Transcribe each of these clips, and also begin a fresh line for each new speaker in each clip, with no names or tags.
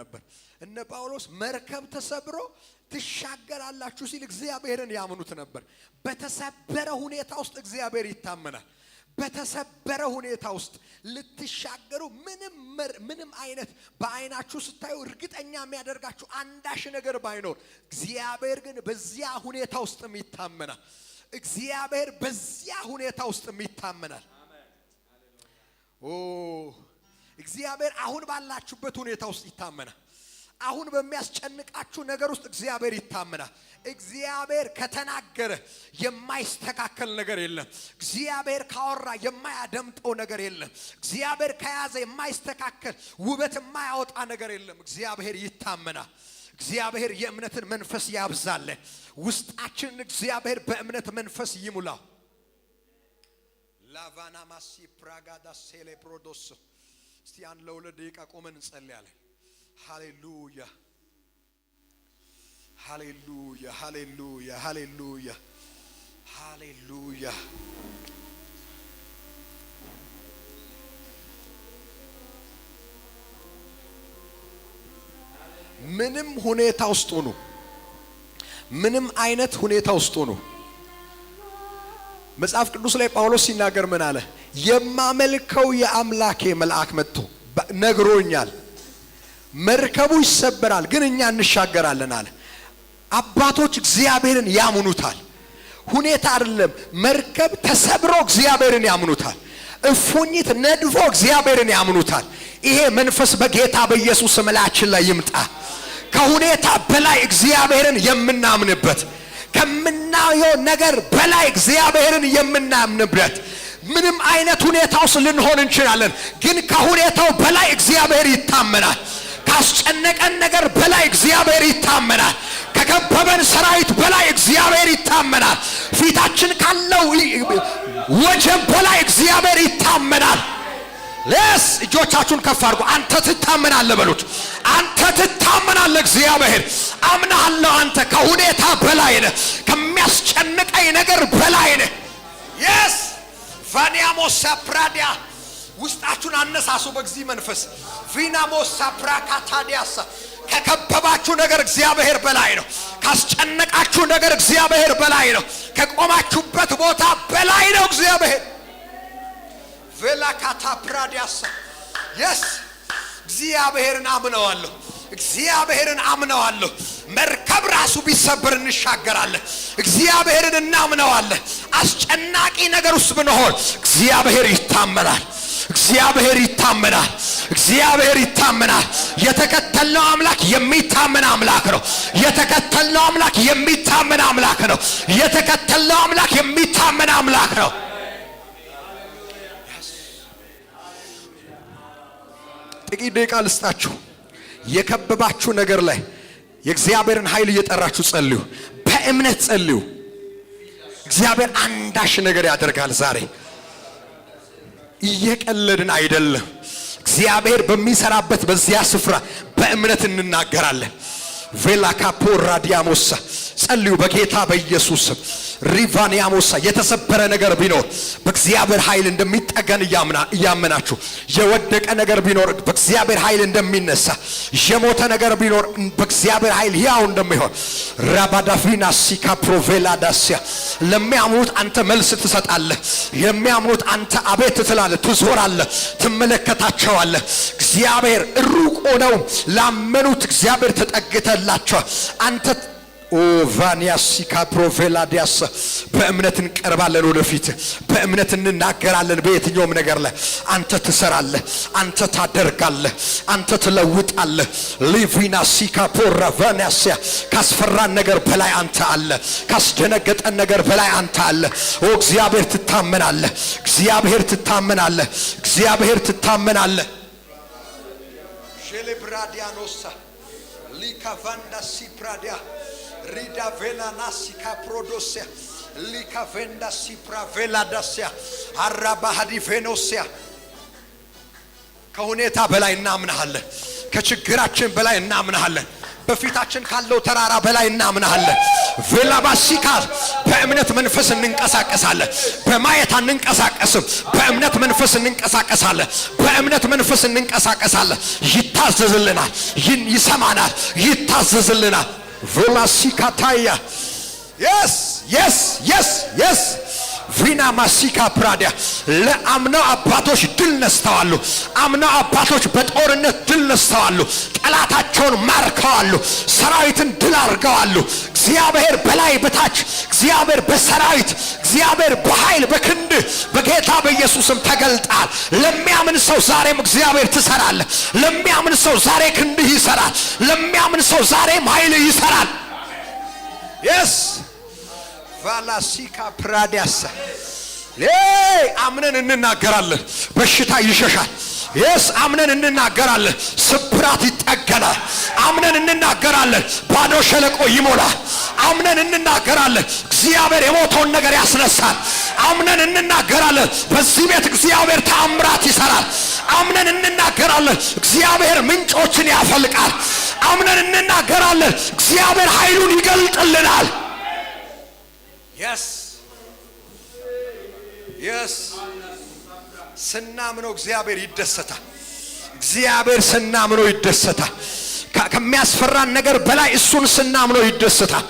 ነበር። እነ ጳውሎስ መርከብ ተሰብሮ ትሻገራላችሁ ሲል እግዚአብሔርን ያምኑት ነበር። በተሰበረ ሁኔታ ውስጥ እግዚአብሔር ይታመናል። በተሰበረ ሁኔታ ውስጥ ልትሻገሩ ምንም ምንም አይነት በአይናችሁ ስታዩ እርግጠኛ የሚያደርጋችሁ አንዳሽ ነገር ባይኖር እግዚአብሔር ግን በዚያ ሁኔታ ውስጥ ይታመናል። እግዚአብሔር በዚያ ሁኔታ ውስጥም ይታመናል። እግዚአብሔር አሁን ባላችሁበት ሁኔታ ውስጥ ይታመናል። አሁን በሚያስጨንቃችሁ ነገር ውስጥ እግዚአብሔር ይታመናል። እግዚአብሔር ከተናገረ የማይስተካከል ነገር የለም። እግዚአብሔር ካወራ የማያደምጠው ነገር የለም። እግዚአብሔር ከያዘ የማይስተካከል ውበት የማያወጣ ነገር የለም። እግዚአብሔር ይታመናል። እግዚአብሔር የእምነትን መንፈስ ያብዛለ። ውስጣችንን እግዚአብሔር በእምነት መንፈስ ይሙላው። ላቫናማሲ ፕራጋዳ ፕሮዶስ እስቲ አንድ ለሁለት ደቂቃ ቆመን እንጸልያለን። ሃሌሉያ ሃሌሉያ ሃሌሉያ ሃሌሉያ ሃሌሉያ ምንም ሁኔታ ውስጥ ሆኖ ምንም አይነት ሁኔታ ውስጥ ነው? መጽሐፍ ቅዱስ ላይ ጳውሎስ ሲናገር ምን አለ? የማመልከው የአምላኬ መልአክ መጥቶ ነግሮኛል። መርከቡ ይሰበራል፣ ግን እኛ እንሻገራለን አለ። አባቶች እግዚአብሔርን ያምኑታል። ሁኔታ አይደለም። መርከብ ተሰብሮ እግዚአብሔርን ያምኑታል። እፉኝት ነድፎ እግዚአብሔርን ያምኑታል። ይሄ መንፈስ በጌታ በኢየሱስ ምላችን ላይ ይምጣ። ከሁኔታ በላይ እግዚአብሔርን የምናምንበት ከምናየው ነገር በላይ እግዚአብሔርን የምናምንበት ምንም አይነት ሁኔታ ውስጥ ልንሆን እንችላለን፣ ግን ከሁኔታው በላይ እግዚአብሔር ይታመናል። ካስጨነቀን ነገር በላይ እግዚአብሔር ይታመናል። ከከበበን ሰራዊት በላይ እግዚአብሔር ይታመናል። ፊታችን ካለው ወጀብ በላይ እግዚአብሔር ይታመናል። ለስ እጆቻችሁን ከፍ አድርጉ። አንተ ትታመናለህ በሉት። አንተ ትታመናለህ። እግዚአብሔር አምናለሁ። አንተ ከሁኔታ በላይ ነህ። ከሚያስጨንቀኝ ነገር በላይ ነህ። የስ ቫኒያሞሳ ፕራዲያ ውስጣችሁን አነሳሱ። በጊዜ መንፈስ ቪናሞሳ ፕራካታዲያሳ ከከበባችሁ ነገር እግዚአብሔር በላይ ነው። ካስጨነቃችሁ ነገር እግዚአብሔር በላይ ነው። ከቆማችሁበት ቦታ በላይ ነው እግዚአብሔር ቬላካታ ፕራዲያሳ የስ እግዚአብሔርን አምነዋለሁ። እግዚአብሔርን አምነዋለሁ። መርከብ ራሱ ቢሰብር እንሻገራለን። እግዚአብሔርን እናምነዋለን። አስጨናቂ ነገር ውስጥ ብንሆን እግዚአብሔር ይታመናል። እግዚአብሔር ይታመናል። እግዚአብሔር ይታመናል። የተከተልነው አምላክ የሚታመን አምላክ ነው። የተከተልነው አምላክ የሚታመን አምላክ ነው። የተከተልነው አምላክ የሚታመን አምላክ ነው። ጥቂት ደቂቃ ልስጣችሁ። የከበባችሁ ነገር ላይ የእግዚአብሔርን ኃይል እየጠራችሁ ጸልዩ፣ በእምነት ጸልዩ። እግዚአብሔር አንዳሽ ነገር ያደርጋል። ዛሬ እየቀለድን አይደለም። እግዚአብሔር በሚሰራበት በዚያ ስፍራ በእምነት እንናገራለን። ቬላካፖ ራዲያሞሳ ጸልዩ በጌታ በኢየሱስ ሪቫን ያሞሳ የተሰበረ ነገር ቢኖር በእግዚአብሔር ኃይል እንደሚጠገን እያመናችሁ፣ የወደቀ ነገር ቢኖር በእግዚአብሔር ኃይል እንደሚነሳ፣ የሞተ ነገር ቢኖር በእግዚአብሔር ኃይል ያው እንደሚሆን ራባዳፊና ሲካ ፕሮቬላ ዳሲያ ለሚያምኑት አንተ መልስ ትሰጣለህ። የሚያምኑት አንተ አቤት ትላለህ፣ ትዞራለህ፣ ትመለከታቸዋለህ። እግዚአብሔር ሩቅ ሆነውም ላመኑት እግዚአብሔር ተጠግተላቸዋል አንተ ኦቫኒያስ ፕሮቬላዲያስ በእምነት እንቀርባለን። ወደፊት በእምነት እንናገራለን። በየትኛውም ነገር ላይ አንተ ትሰራለህ፣ አንተ ታደርጋለህ፣ አንተ ትለውጣለህ። ሊቪናሲ ካፖራቫኒያስያ ካስፈራን ነገር በላይ አንተ አለ፣ ካስደነገጠን ነገር በላይ አንተ አለ። ኦ እግዚአብሔር ትታመናለህ፣ እግዚአብሔር ትታመናለህ፣ እግዚአብሔር ትታመናለህ። ሼሌብራዲያኖሳ ሊካቫንዳሲፕራዲያ ሪዳቬላ ናሲካ ፕሮዶሲያ ሊካቬንዳ ሲፕራቬላ ዳሲያ አራባሃዲ ቬኖሲያ ከሁኔታ በላይ እናምናሃለን። ከችግራችን በላይ እናምናሃለን። በፊታችን ካለው ተራራ በላይ እናምናሃለን። ቬላባሲካል በእምነት መንፈስ እንንቀሳቀሳለን። በማየት አንንቀሳቀስም። በእምነት መንፈስ እንንቀሳቀሳለን። በእምነት መንፈስ እንንቀሳቀሳለን። ይታዘዝልናል፣ ይሰማናል፣ ይታዘዝልናል። Yes, yes, yes, yes. ቪና ማሲካ ፕራዲያ ለአምና አባቶች ድል ነስተዋሉ። አምና አባቶች በጦርነት ድል ነስተዋሉ። ጠላታቸውን ማርከዋሉ። ሰራዊትን ድል አድርገዋሉ። እግዚአብሔር በላይ በታች፣ እግዚአብሔር በሰራዊት፣ እግዚአብሔር በኃይል በክንድ በጌታ በኢየሱስም ተገልጣል። ለሚያምን ሰው ዛሬም እግዚአብሔር ትሰራለ። ለሚያምን ሰው ዛሬ ክንድህ ይሰራል። ለሚያምን ሰው ዛሬም ኃይልህ ይሰራል። የስ ቫላሲካ ፕራዲያሳ አምነን እንናገራለን። በሽታ ይሸሻል። የስ አምነን እንናገራለን። ስብራት ይጠገናል። አምነን እንናገራለን። ባዶ ሸለቆ ይሞላል። አምነን እንናገራለን። እግዚአብሔር የሞተውን ነገር ያስነሳል። አምነን እንናገራለን። በዚህ ቤት እግዚአብሔር ተአምራት ይሰራል። አምነን እንናገራለን። እግዚአብሔር ምንጮችን ያፈልቃል። አምነን እንናገራለን። እግዚአብሔር ኃይሉን ይገልጥልናል። የስ ስናምነው እግዚአብሔር ይደሰታል። እግዚአብሔር ስናምነው ይደሰታል። ከሚያስፈራን ነገር በላይ እሱን ስናምነው ይደሰታል።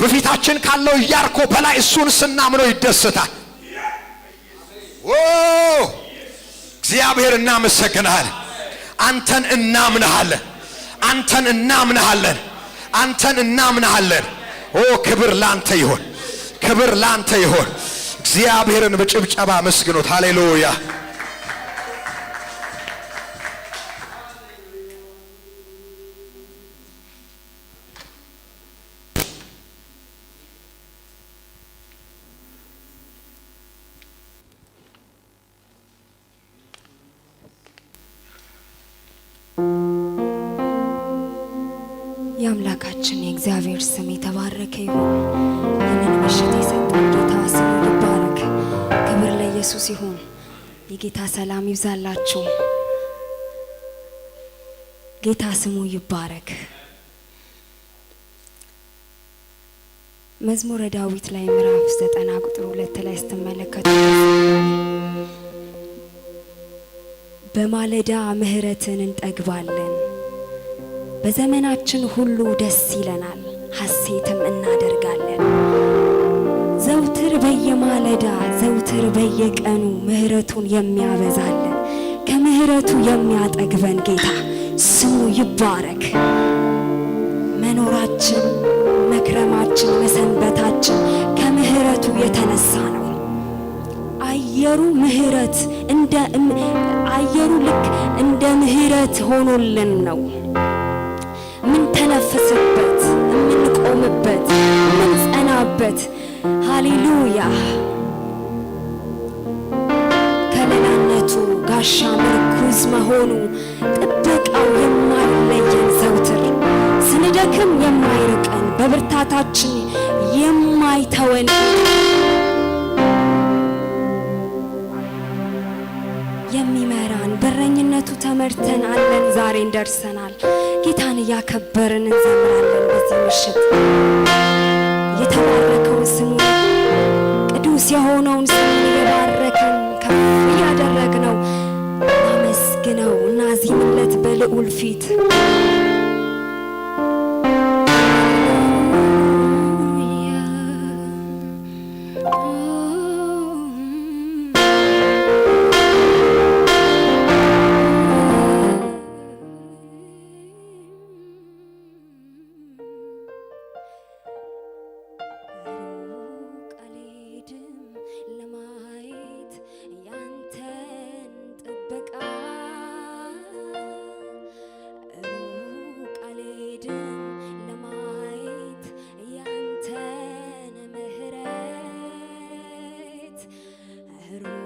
በፊታችን ካለው እያርኮ በላይ እሱን ስናምነው ይደሰታል። እግዚአብሔር እናመሰግናለን። አንተን እናምናሃለን። አንተን እናምናሃለን። አንተን እናምናሃለን። ኦ ክብር ለአንተ ይሆን። ክብር ላንተ ይሆን። እግዚአብሔርን በጭብጨባ አመስግኖት። ሃሌሉያ የአምላካችን የእግዚአብሔር ስም የተባረከ ይሁን። ይህንን ምሽት የሰጠን ጌታ ስሙ ይባረክ። ክብር ለኢየሱስ ይሁን። የጌታ ሰላም ይብዛላችሁ። ጌታ ስሙ ይባረክ። መዝሙረ ዳዊት ላይ ምዕራፍ ዘጠና ቁጥር ሁለት ላይ ስትመለከቱ በማለዳ ምሕረትን እንጠግባለን በዘመናችን ሁሉ ደስ ይለናል፣ ሐሴትም እናደርጋለን። ዘውትር በየማለዳ ዘውትር በየቀኑ ምሕረቱን የሚያበዛለን ከምሕረቱ የሚያጠግበን ጌታ ስሙ ይባረክ። መኖራችን፣ መክረማችን፣ መሰንበታችን ከምሕረቱ የተነሳ ነው። አየሩ ምሕረት እንደ አየሩ ልክ እንደ ምሕረት ሆኖልን ነው። የምንተነፍስበት፣ የምንቆምበት፣ የምንጸናበት ሃሌሉያ ከለላነቱ ጋሻ ምርኩዝ መሆኑ ጥበቃው የማይለየን ዘውትር ስንደክም የማይርቀን በብርታታችን የማይተወን የሚመራን በረኝነቱ ተመርተን አለን። ዛሬን ደርሰናል። ጌታን እያከበርን እንዘምራለን። በዚህ ምሽት የተባረከውን ስሙ ቅዱስ የሆነውን ስሙ እየባረክን ከፍ እያደረግነው እናመስግነው፣ እናዚምለት በልዑል ፊት at